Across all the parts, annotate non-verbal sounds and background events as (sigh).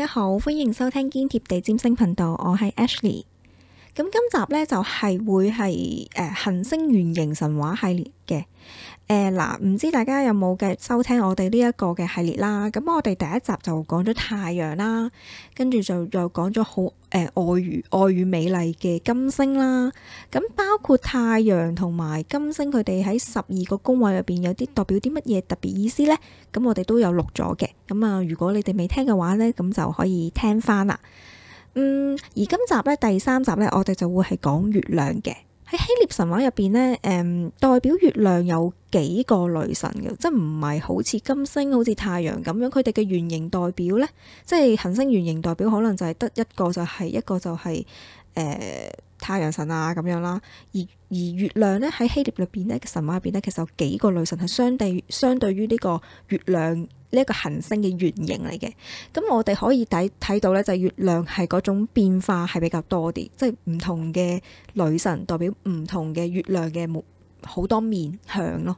大家好，歡迎收聽堅貼地占星頻道，我係 Ashley。咁今集咧就係會係誒行星原型神話系列嘅誒嗱，唔知大家有冇繼續收聽我哋呢一個嘅系列啦？咁我哋第一集就講咗太陽啦，跟住就又講咗好誒愛與愛與美麗嘅金星啦。咁包括太陽同埋金星，佢哋喺十二個宮位入邊有啲代表啲乜嘢特別意思呢？咁我哋都有錄咗嘅。咁啊，如果你哋未聽嘅話呢，咁就可以聽翻啦。嗯，而今集咧，第三集咧，我哋就會係講月亮嘅。喺希臘神話入邊咧，誒、嗯，代表月亮有幾個女神嘅，即係唔係好似金星、好似太陽咁樣，佢哋嘅原型代表咧，即係行星原型代表，可能就係得一個就係、是、一個就係、是、誒。呃太陽神啊咁樣啦，而而月亮咧喺希臘裏邊咧嘅神話入邊咧，其實有幾個女神係相對相對於呢個月亮呢一、這個行星嘅原型嚟嘅。咁我哋可以睇睇到咧，就係、是、月亮係嗰種變化係比較多啲，即係唔同嘅女神代表唔同嘅月亮嘅好多面向咯。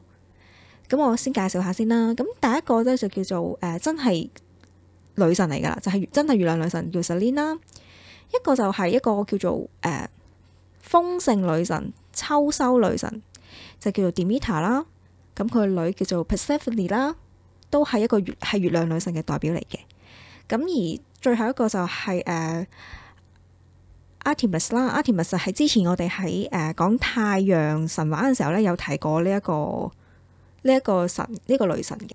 咁我先介紹下先啦。咁第一個咧就叫做誒、呃、真係女神嚟㗎啦，就係、是、真係月亮女神叫 Selene 啦。一個就係一個叫做誒。呃豐盛女神、秋收女神就叫做 Demeter 啦，咁佢嘅女叫做 Persephone 啦，都係一個月係月亮女神嘅代表嚟嘅。咁而最後一個就係、是、誒、uh, Artemis 啦、啊、Artemis 就係之前我哋喺誒講太陽神話嘅時候咧，有提過呢、呢、一個呢一、呢個神呢、呢個女神嘅。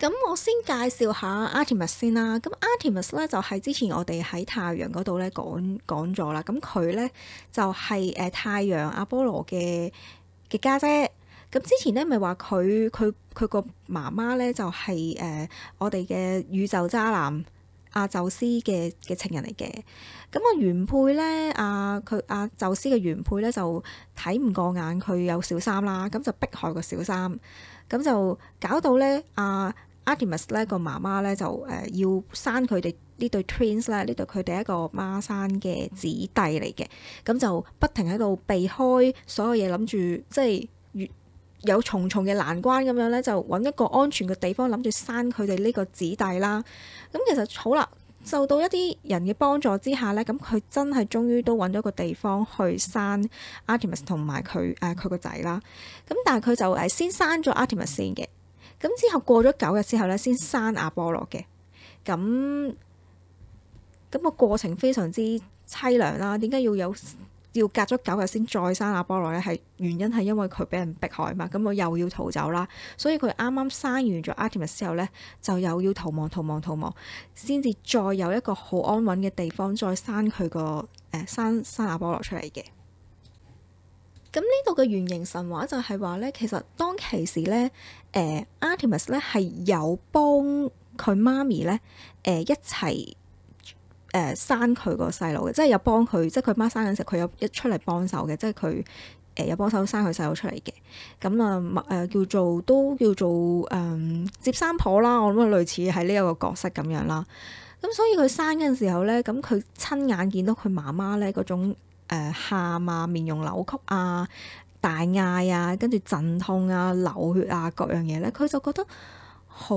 咁我先介紹下阿提密斯先啦。咁阿提密斯咧就係、是、之前我哋喺太陽嗰度咧講講咗啦。咁佢咧就係、是、誒、呃、太陽阿波羅嘅嘅家姐。咁之前咧咪話佢佢佢個媽媽咧就係、是、誒、呃、我哋嘅宇宙渣男阿宙、啊、斯嘅嘅情人嚟嘅。咁個原配咧，阿佢阿宙斯嘅原配咧就睇唔過眼，佢有小三啦，咁就逼害個小三，咁就搞到咧阿。啊 Artemis 咧，Artem z，個媽媽咧就誒要生佢哋呢對 twins 咧，呢對佢哋一個孖生嘅姊弟嚟嘅，咁就不停喺度避開所有嘢，諗住即係越有重重嘅難關咁樣咧，就揾一個安全嘅地方，諗住生佢哋呢個姊弟啦。咁其實好啦，受到一啲人嘅幫助之下咧，咁佢真係終於都揾到一個地方去生 Artemis 同埋佢誒佢個仔啦。咁、呃、但係佢就誒先生咗 Artemis 先嘅。咁之後過咗九日之後呢，先生阿波羅嘅。咁咁、個過程非常之凄涼啦。點解要有要隔咗九日先再生阿波羅呢？係原因係因為佢俾人逼害嘛。咁佢又要逃走啦。所以佢啱啱生完咗阿提密斯之後呢，就又要逃亡、逃亡、逃亡，先至再有一個好安穩嘅地方再生佢個誒、呃、生生阿波羅出嚟嘅。咁呢度嘅原型神話就係話呢，其實當其時呢。a 誒 Artemis 咧係有幫佢媽咪咧誒一齊誒、呃、生佢個細路嘅，即係有幫佢，即係佢媽，媽生緊時候，佢有一出嚟幫手嘅，即係佢誒有幫手生佢細路出嚟嘅。咁、嗯、啊，誒、呃、叫做都叫做誒、嗯、接生婆啦，我諗類似喺呢一個角色咁樣啦。咁、嗯、所以佢生嘅時候咧，咁佢親眼見到佢媽媽咧嗰種誒喊、呃、啊、面容扭曲啊。大嗌啊，跟住陣痛啊，流血啊，各樣嘢咧，佢就覺得好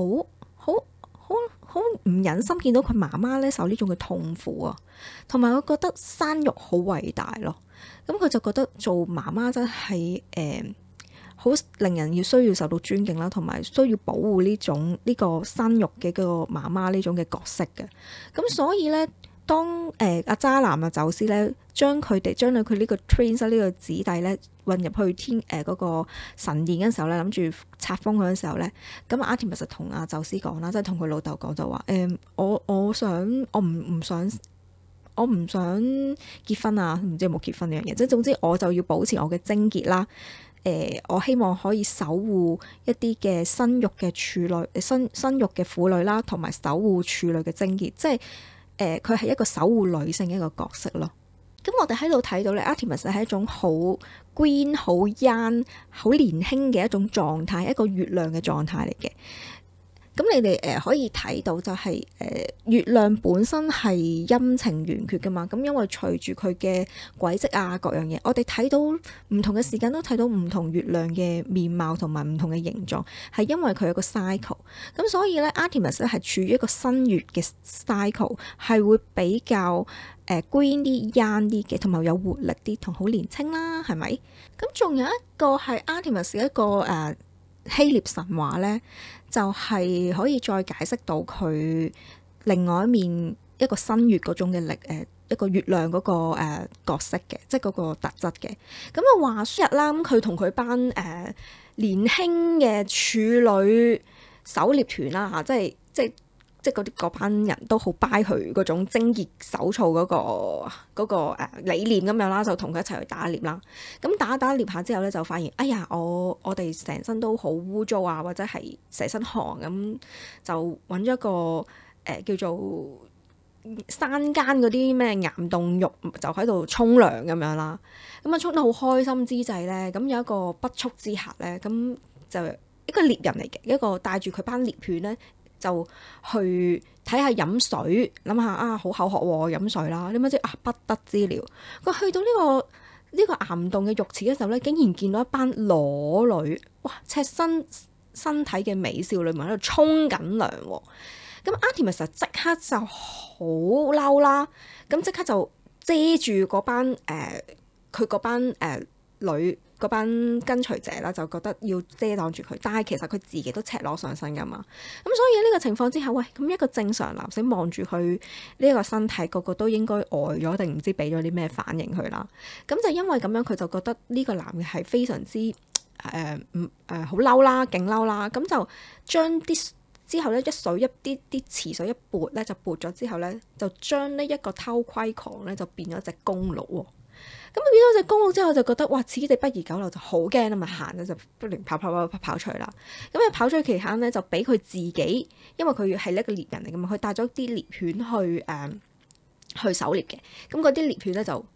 好好好唔忍心見到佢媽媽咧受呢種嘅痛苦啊，同埋我覺得生育好偉大咯，咁佢就覺得做媽媽真係誒好令人要需要受到尊敬啦，同埋需要保護呢種呢個生育嘅個媽媽呢種嘅角色嘅，咁所以咧。當誒阿、呃、渣男啊宙斯咧，將佢哋將佢呢個 Twins 呢個子弟咧混入去天誒嗰、呃那個神殿嘅時候咧，諗住拆封佢嘅時候咧，咁阿提密斯同阿宙斯講啦，即係同佢老豆講就話誒，我我想我唔唔想我唔想結婚啊，唔知有冇結婚呢樣嘢，即係總之我就要保持我嘅貞潔啦。誒、呃，我希望可以守護一啲嘅生育嘅處女、生生育嘅婦女啦，同埋守護處女嘅貞潔，即係。佢係、呃、一個守護女性嘅一個角色咯。咁我哋喺度睇到咧，Artemis 係一種好 green、好 (noise) young、好年輕嘅一種狀態， (noise) 一個月亮嘅狀態嚟嘅。咁你哋誒可以睇到就係誒月亮本身係陰晴圓缺噶嘛？咁因為隨住佢嘅軌跡啊，各樣嘢，我哋睇到唔同嘅時間都睇到唔同月亮嘅面貌同埋唔同嘅形狀，係因為佢有個 cycle。咁所以咧，Artemis 咧，係處於一個新月嘅 cycle，係會比較誒 green 啲、young 啲嘅，同埋有活力啲，同好年青啦，係咪？咁仲有一個係 Artemis 嘅一個誒。呃希臘神話咧，就係、是、可以再解釋到佢另外一面一個新月嗰種嘅力，誒一個月亮嗰個角色嘅，即係嗰個特質嘅。咁啊，話説日啦，咁佢同佢班誒年輕嘅處女狩獵團啦嚇，即係即係。即係嗰啲嗰班人都好拜佢嗰種貞潔守操嗰、那個嗰、那個呃、理念咁樣啦，就同佢一齊去打獵啦。咁打打獵下之後咧，就發現哎呀，我我哋成身都好污糟啊，或者係成身汗咁、嗯，就揾咗一個誒、呃、叫做山間嗰啲咩岩洞浴，就喺度沖涼咁樣啦。咁、嗯、啊，沖得好開心之際咧，咁、嗯、有一個不速之客咧，咁、嗯、就一個獵人嚟嘅，一個帶住佢班獵犬咧。就去睇下飲水，諗下啊，好口渴喎、啊，飲水啦。點不知啊，不得之了。佢去到呢、這個呢、這個岩洞嘅浴池嘅時候咧，竟然見到一班裸女，哇！赤身身體嘅美少女咪喺度沖緊涼、啊。咁阿提密斯其實即刻就好嬲啦，咁即刻就遮住嗰班誒，佢嗰班誒女，嗰班跟隨者啦，就覺得要遮擋住佢，但係其實佢自己都赤裸上身噶嘛，咁、嗯、所以呢個情況之下，喂，咁一個正常男性望住佢呢個身體，個個都應該呆咗，定唔知俾咗啲咩反應佢啦。咁就因為咁樣，佢就覺得呢個男嘅係非常之誒唔誒好嬲啦，勁嬲啦，咁、呃、就將啲之後呢，一水一啲啲池水一撥呢，就撥咗之後呢，就將呢一個偷窺狂呢，就變咗隻公鹿喎。咁啊，變咗隻公鹿之後，就覺得哇，此地不宜久留，就好驚啦，咪行啦，就不停跑跑跑跑跑出去啦。咁啊，跑出去期間咧，就俾佢自己，因為佢係一個獵人嚟噶嘛，佢帶咗啲獵犬去誒、嗯、去狩獵嘅。咁嗰啲獵犬咧就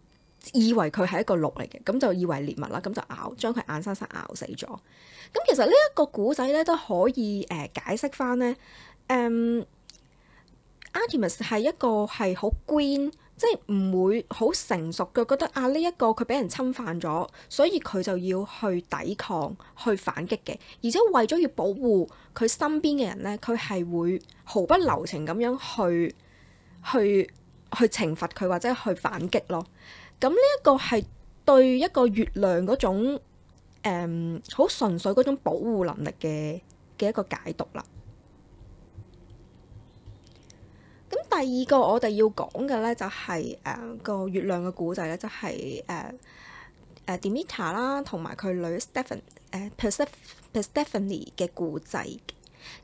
以為佢係一個鹿嚟嘅，咁就以為獵物啦，咁就咬，將佢硬生生咬死咗。咁其實呢、嗯、一個古仔咧都可以誒解釋翻咧，誒，阿提密斯係一個係好 green。即係唔會好成熟嘅，覺得啊呢一個佢俾人侵犯咗，所以佢就要去抵抗，去反擊嘅，而且為咗要保護佢身邊嘅人呢，佢係會毫不留情咁樣去、去、去懲罰佢或者去反擊咯。咁呢一個係對一個月亮嗰種誒好、嗯、純粹嗰種保護能力嘅嘅一個解讀啦。第二個我哋要講嘅咧，就係誒個月亮嘅故仔咧、就係，就係誒誒 Demeter 啦，同埋佢女 Stephan 誒 Pe Stephanie 嘅故仔。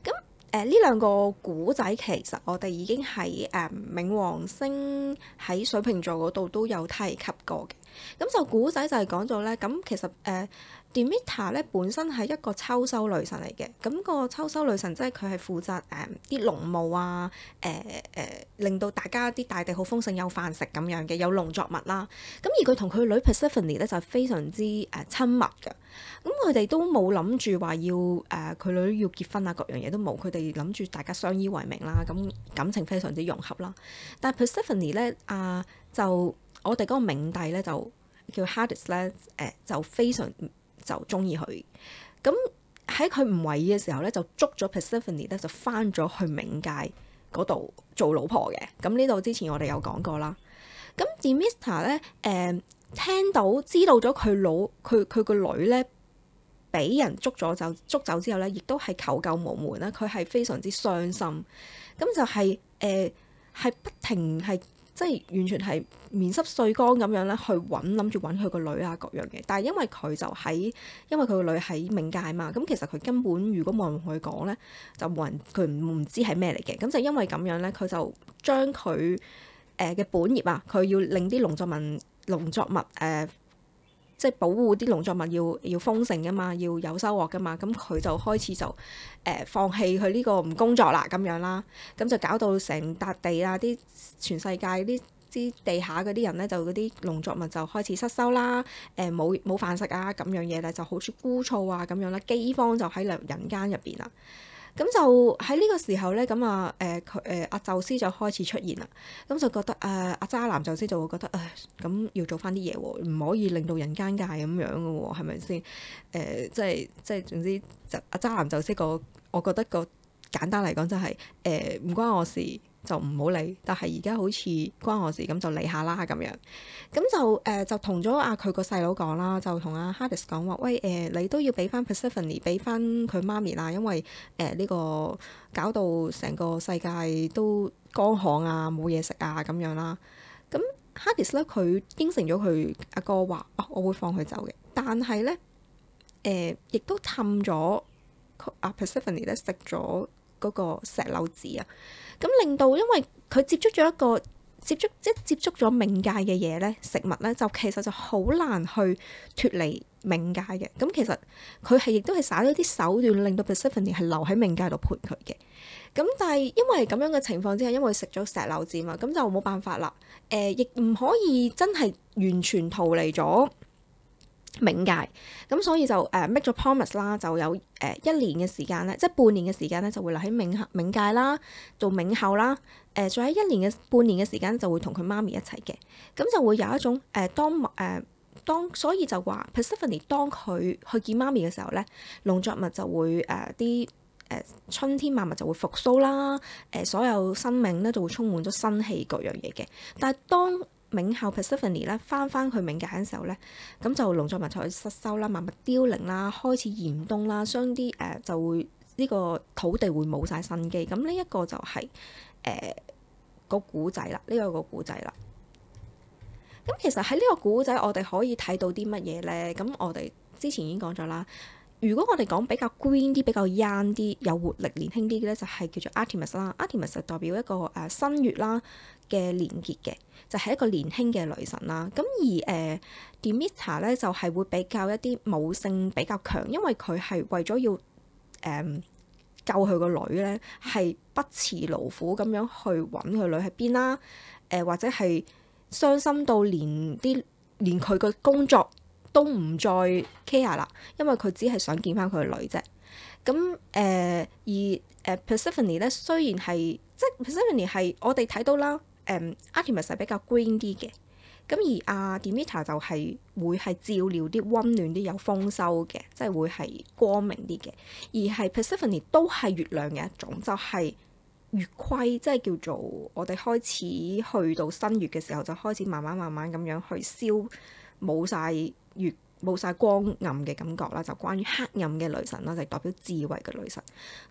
咁誒呢兩個故仔，其實我哋已經係誒、呃、冥王星喺水瓶座嗰度都有提及過嘅。咁就古仔就係講咗咧，咁其實誒、呃、Demeter 咧本身係一個秋收女神嚟嘅，咁、個秋收女神即係佢係負責誒啲農務啊，誒、呃、誒、呃、令到大家啲大地好豐盛有飯食咁樣嘅，有農作物啦。咁而佢同佢女 Persephone 咧就非常之誒親密嘅，咁佢哋都冇諗住話要誒佢、呃、女要結婚啊，各樣嘢都冇，佢哋諗住大家相依為命啦，咁感情非常之融合啦。但 Persephone 咧啊、呃、就。我哋嗰個冥帝咧就叫 Hades 咧、呃，誒就非常就中意佢。咁喺佢唔為意嘅時候咧，就捉咗 Persephone 咧，就翻咗去冥界嗰度做老婆嘅。咁呢度之前我哋有講過啦。咁 Demeter 咧，誒、呃、聽到知道咗佢老佢佢個女咧俾人捉咗就捉走之後咧，亦都係求救無門啦。佢係非常之傷心，咁就係誒係不停係。即係完全係面濕碎乾咁樣咧，去揾諗住揾佢個女啊各樣嘅。但係因為佢就喺因為佢個女喺冥界嘛，咁其實佢根本如果冇人同佢講咧，就冇人佢唔知係咩嚟嘅，咁就因為咁樣咧，佢就將佢誒嘅本業啊，佢要令啲農作民農作物誒。即係保護啲農作物要要豐盛噶嘛，要有收穫噶嘛，咁佢就開始就誒、呃、放棄佢呢個唔工作啦咁樣啦，咁就搞到成笪地啊啲全世界啲啲地下嗰啲人呢，就嗰啲農作物就開始失收啦，誒冇冇飯食啊咁樣嘢咧就好似枯燥啊咁樣啦，饑荒就喺人間入邊啦。咁就喺呢個時候咧，咁啊誒佢誒阿宙斯就開始出現啦。咁就覺得誒阿、呃、渣男宙斯就會覺得誒咁要做翻啲嘢喎，唔可以令到人間界咁樣嘅喎，係咪先？誒、呃、即係即係總之就阿、啊、渣男宙斯個，我覺得個簡單嚟講就係誒唔關我事。就唔好理，但係而家好似關我事咁，就理下啦咁樣。咁就誒就同咗阿佢個細佬講啦，就同阿 Hardis 講話，喂誒、呃，你都要俾翻 Persephone 俾翻佢媽咪啦，因為誒呢、呃呢個搞到成個世界都乾旱啊，冇嘢食啊咁樣啦。咁 Hardis 咧佢應承咗佢阿哥話、哦，我會放佢走嘅，但係咧誒亦都氹咗阿 Persephone 咧食咗嗰個石榴子啊！咁令到，因為佢接觸咗一個接觸即接觸咗冥界嘅嘢咧，食物咧就其實就好難去脱離冥界嘅。咁其實佢係亦都係耍咗啲手段，令到 Persephone 係留喺冥界度陪佢嘅。咁但係因為咁樣嘅情況之下，因為食咗石榴子嘛，咁就冇辦法啦。誒、呃，亦唔可以真係完全逃離咗。冥界，咁所以就誒、uh, make 咗 promise 啦，就有誒一年嘅時間咧，即係半年嘅時間咧，就會留喺冥冥界啦，做冥后啦，誒仲喺一年嘅半年嘅時間就會同佢媽咪一齊嘅，咁就會有一種誒、呃、當誒、呃、當，所以就話 Persephone 當佢去見媽咪嘅時候咧，農作物就會誒啲誒春天萬物就會復甦啦，誒、呃、所有生命咧就會充滿咗生氣各樣嘢嘅，但係當冥后 Persephone 咧翻翻去冥界嘅時候咧，咁就農作物就失收啦，萬物凋零啦，開始嚴冬啦，相啲誒就會呢、這個土地會冇晒生機，咁呢、就是呃那個這個、一個就係誒個古仔啦，呢個個古仔啦。咁其實喺呢個古仔，我哋可以睇到啲乜嘢咧？咁我哋之前已經講咗啦。如果我哋講比較 green 啲、比較 young 啲、有活力、年輕啲嘅咧，就係、是、叫做 Ar Artemis 啦。Artemis 就代表一個誒新月啦嘅連結嘅，就係、是、一個年輕嘅女神啦。咁而誒 Dimitra 咧，就係、是、會比較一啲母性比較強，因為佢係為咗要誒、呃、救佢個女咧，係不辭勞苦咁樣去揾佢女喺邊啦。誒、呃、或者係傷心到連啲連佢個工作。都唔再 care 啦，因為佢只係想見翻佢女啫。咁誒、呃、而誒、呃、Persephone 咧，雖然係即 Persephone 係我哋睇到啦，誒、嗯、Artemis 係比較 green 啲嘅。咁而阿 Demeter 就係會係照料啲溫暖啲有豐收嘅，即係會係光明啲嘅。而係 Persephone 都係月亮嘅一種，就係、是、月虧，即係叫做我哋開始去到新月嘅時候，就開始慢慢慢慢咁樣去消冇晒。越冇晒光暗嘅感覺啦，就關於黑暗嘅女神啦，就係、代表智慧嘅女神。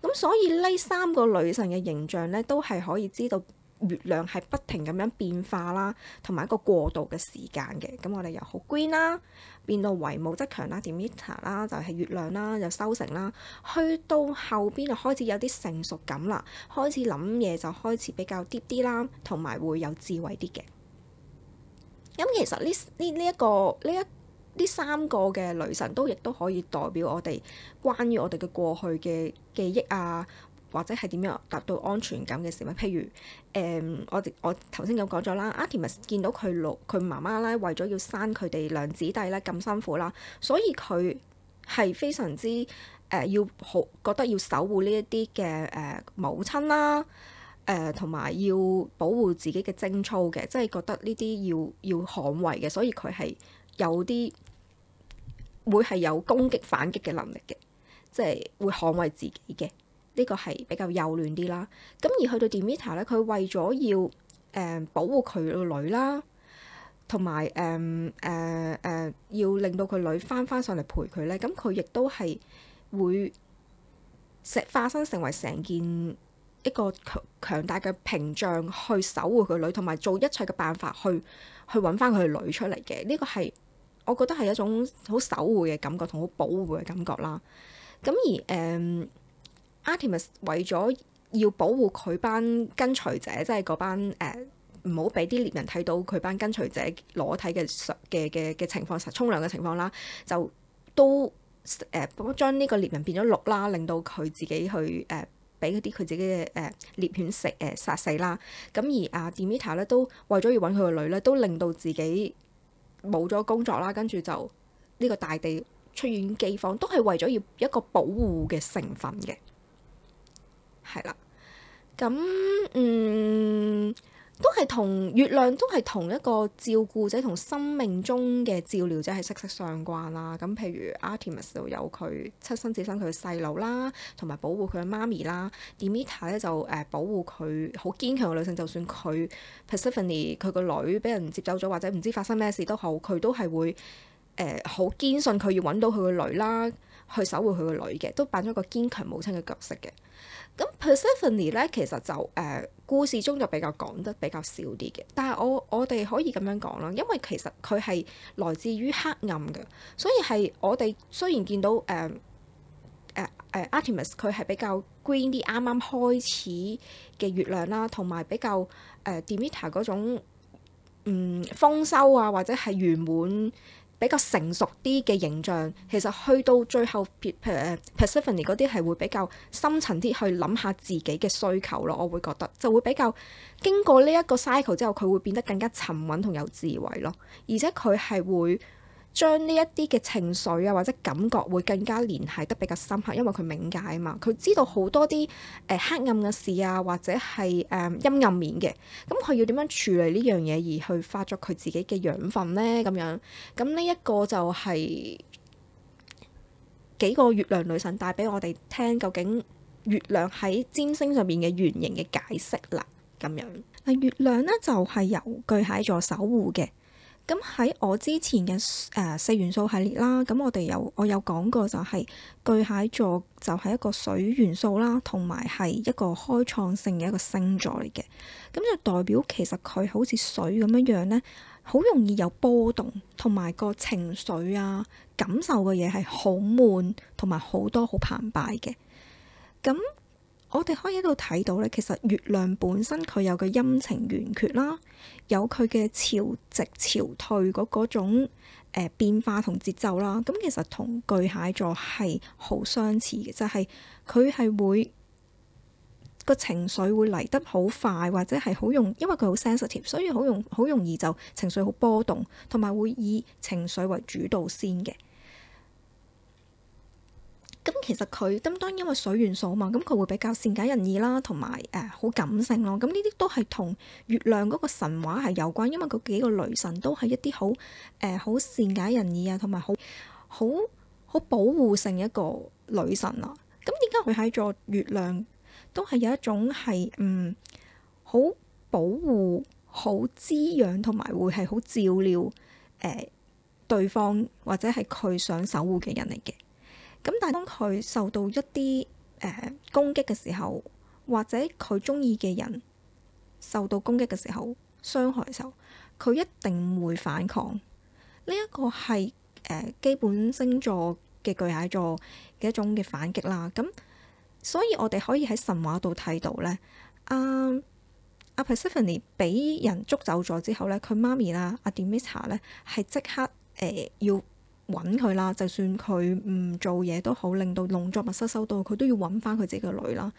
咁所以呢三個女神嘅形象呢，都係可以知道月亮係不停咁樣變化啦，同埋一個過渡嘅時間嘅。咁我哋由好 green 啦，變到為母則強啦，Demeter 啦，就係月亮啦，又收成啦，去到後邊就開始有啲成熟感啦，開始諗嘢就開始比較啲啲啦，同埋會有智慧啲嘅。咁其實呢呢一個呢一個。呢三個嘅女神都亦都可以代表我哋關於我哋嘅過去嘅記憶啊，或者係點樣達到安全感嘅事物。譬如誒、嗯，我我頭先有講咗啦，Artemis 咪見到佢老佢媽媽咧，為咗要生佢哋兩姊弟咧咁辛苦啦，所以佢係非常之誒要好覺得要守護呢一啲嘅誒母親啦，誒同埋要保護自己嘅貞操嘅，即係覺得呢啲要要捍衞嘅，所以佢係有啲。會係有攻擊反擊嘅能力嘅，即係會捍衞自己嘅。呢、這個係比較幼嫩啲啦。咁而去到 Demeter 咧，佢為咗要誒保護佢個女啦，同埋誒誒誒要令到佢女翻翻上嚟陪佢咧，咁佢亦都係會石化身成為成件一個強強大嘅屏障去守護佢女，同埋做一切嘅辦法去去揾翻佢個女出嚟嘅。呢、這個係。我覺得係一種好守護嘅感覺同好保護嘅感覺啦。咁而誒，阿提米斯為咗要保護佢班跟隨者，即係嗰班誒，唔好俾啲獵人睇到佢班跟隨者裸體嘅嘅嘅嘅情況，實沖涼嘅情況啦，就都誒將呢個獵人變咗鹿啦，令到佢自己去誒俾嗰啲佢自己嘅誒、呃、獵犬食誒、呃、殺死啦。咁而阿、啊、Demeter 咧都為咗要揾佢個女咧，都令到自己。冇咗工作啦，跟住就呢個大地出現饑荒，都係為咗要一個保護嘅成分嘅，係啦，咁嗯。都係同月亮都係同一個照顧者同生命中嘅照料者係息息相關啦。咁譬如 Artemis 就有佢七生子生佢嘅細佬啦，同埋保護佢嘅媽咪啦。啊、Demeter 咧就誒、呃、保護佢好堅強嘅女性，就算佢 Persephone 佢個女俾人接走咗或者唔知發生咩事都好，佢都係會誒好、呃、堅信佢要揾到佢個女啦，去守護佢個女嘅，都扮咗個堅強母親嘅角色嘅。咁 Persephone 咧其實就誒。呃呃故事中就比較講得比較少啲嘅，但係我我哋可以咁樣講啦，因為其實佢係來自於黑暗嘅，所以係我哋雖然見到誒誒，uh, 誒、uh, uh, Artemis 佢係比較 green 啲，啱啱開始嘅月亮啦，同埋比較誒、uh, d i m i t a r 嗰種，嗯，豐收啊，或者係圓滿。比較成熟啲嘅形象，其實去到最後，誒，Persephone 嗰啲係會比較深層啲去諗下自己嘅需求咯。我會覺得就會比較經過呢一個 cycle 之後，佢會變得更加沉穩同有智慧咯，而且佢係會。將呢一啲嘅情緒啊，或者感覺會更加聯繫得比較深刻，因為佢冥界啊嘛，佢知道好多啲誒黑暗嘅事啊，或者係誒、呃、陰暗面嘅，咁佢要點樣處理呢樣嘢而去發作佢自己嘅養分呢？咁樣，咁呢一個就係、是、幾個月亮女神帶俾我哋聽，究竟月亮喺占星上面嘅原型嘅解釋啦，咁樣。啊，月亮呢，就係、是、由巨蟹座守護嘅。咁喺我之前嘅誒四元素系列啦，咁我哋有我有講過就係巨蟹座就係一個水元素啦，同埋係一個開創性嘅一個星座嚟嘅，咁就代表其實佢好似水咁樣樣咧，好容易有波動，同埋個情緒啊、感受嘅嘢，係好悶同埋好多好澎湃嘅，咁。我哋可以喺度睇到咧，其實月亮本身佢有個陰晴圓缺啦，有佢嘅潮汐潮退嗰嗰種、呃、變化同節奏啦。咁其實同巨蟹座係好相似嘅，就係佢係會個情緒會嚟得好快，或者係好用，因為佢好 sensitive，所以好用好容易就情緒好波動，同埋會以情緒為主導先嘅。咁其實佢咁當然因為水元素啊嘛，咁佢會比較善解人意啦，同埋誒好感性咯。咁呢啲都係同月亮嗰個神話係有關，因為嗰幾個雷神都係一啲好誒好善解人意啊，同埋好好好保護性一個女神啦。咁點解佢喺座月亮都係有一種係嗯好保護、好滋養，同埋會係好照料誒、呃、對方或者係佢想守護嘅人嚟嘅。咁但係當佢受到一啲誒、呃、攻擊嘅時候，或者佢中意嘅人受到攻擊嘅時候，傷害嘅時候，佢一定會反抗。呢一個係誒基本星座嘅巨蟹座嘅一種嘅反擊啦。咁、嗯、所以我哋可以喺神話度睇到咧，阿阿 Persephone 俾人捉走咗之後咧，佢媽咪啦，阿、啊、Demeter 咧，係即刻誒要，揾佢啦，就算佢唔做嘢都好，令到農作物失收到，佢都要揾翻佢自己嘅女啦。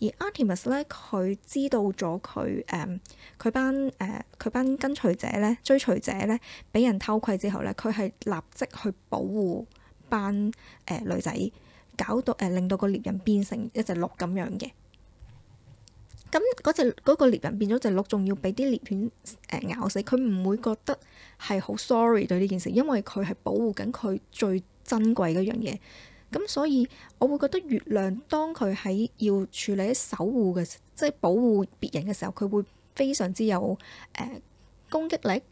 而阿提密斯咧，佢知道咗佢誒佢班誒佢、嗯、班跟隨者咧、追隨者咧俾人偷窺之後咧，佢係立即去保護班誒、呃、女仔，搞到誒、呃、令到個獵人變成一隻鹿咁樣嘅。咁嗰隻嗰個獵人變咗隻鹿，仲要俾啲獵犬咬死，佢唔會覺得係好 sorry 對呢件事，因為佢係保護緊佢最珍貴嗰樣嘢。咁所以我會覺得月亮當佢喺要處理、喺守護嘅，即係保護別人嘅時候，佢會非常之有誒攻擊力。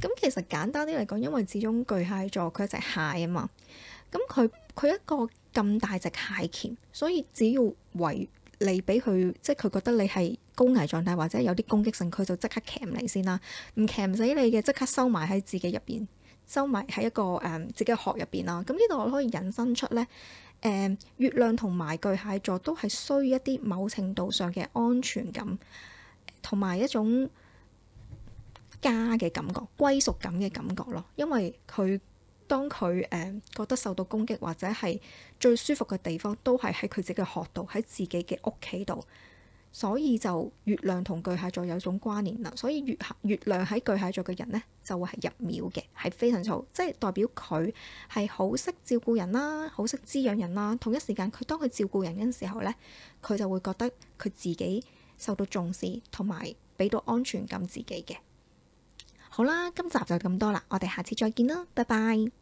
咁其實簡單啲嚟講，因為始終巨蟹座佢一隻蟹啊嘛，咁佢佢一個咁大隻蟹鉗，所以只要圍。你俾佢即係佢覺得你係高危狀態，或者有啲攻擊性，佢就即刻鉗你先啦，唔鉗死你嘅，即刻收埋喺自己入邊，收埋喺一個誒、嗯、自己嘅殼入邊啦。咁呢度我可以引申出呢誒、嗯、月亮同埋巨蟹座都係需要一啲某程度上嘅安全感同埋一種家嘅感覺、歸屬感嘅感覺咯，因為佢。當佢誒覺得受到攻擊，或者係最舒服嘅地方都係喺佢自己嘅殼度，喺自己嘅屋企度，所以就月亮同巨蟹座有種關聯啦。所以月月亮喺巨蟹座嘅人呢，就會係入廟嘅，係非常之好，即係代表佢係好識照顧人啦，好識滋養人啦。同一時間佢當佢照顧人嘅時候呢，佢就會覺得佢自己受到重視，同埋俾到安全感自己嘅。好啦，今集就咁多啦，我哋下次再見啦，拜拜。